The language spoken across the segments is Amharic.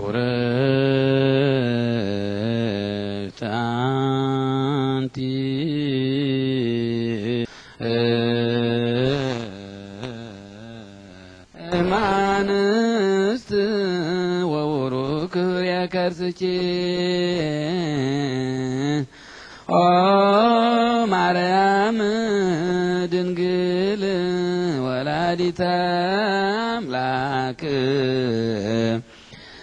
ቁርብት አንቲ እማንስት ወውሩክብር ያከርስቼ ኦ ማርያም ድንግል ወላዲተ አምላክ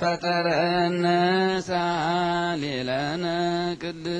ፈጠረነ ሳሊለነ ቅድስት